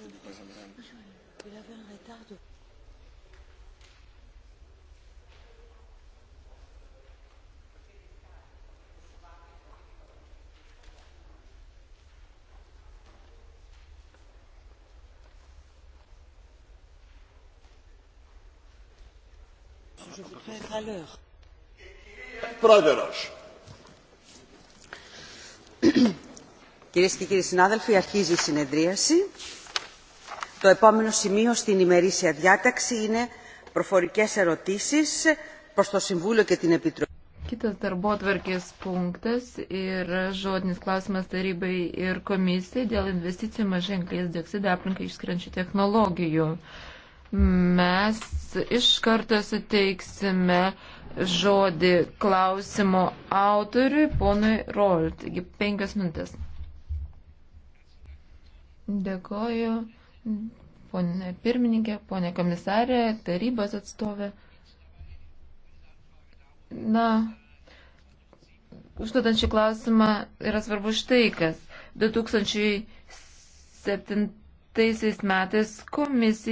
je vous dis quoi ça me donne. Il avait un retard de Je voudrais être à l'heure. Πρόεδρος. Κυρίες και κύριοι συνάδελφοι, αρχίζει η συνεδρίαση. Το επόμενο σημείο στην ημερήσια διάταξη είναι προφορικές ερωτήσεις προς το Συμβούλιο και την Επιτροπή. Kitas darbo atverkės punktas ir žodinis klausimas tarybai ir komisijai dėl investicijų mažai anglės dioksidą aplinkai išskrenčių technologijų. Mes iš karto suteiksime žodį klausimo autoriui, ponui Rol. Taigi penkias minutės. Dėkoju ponė pirmininkė, ponė komisarė, tarybos atstovė. Na, užduodant šį klausimą yra svarbu štai kas. 2007 metais komisija.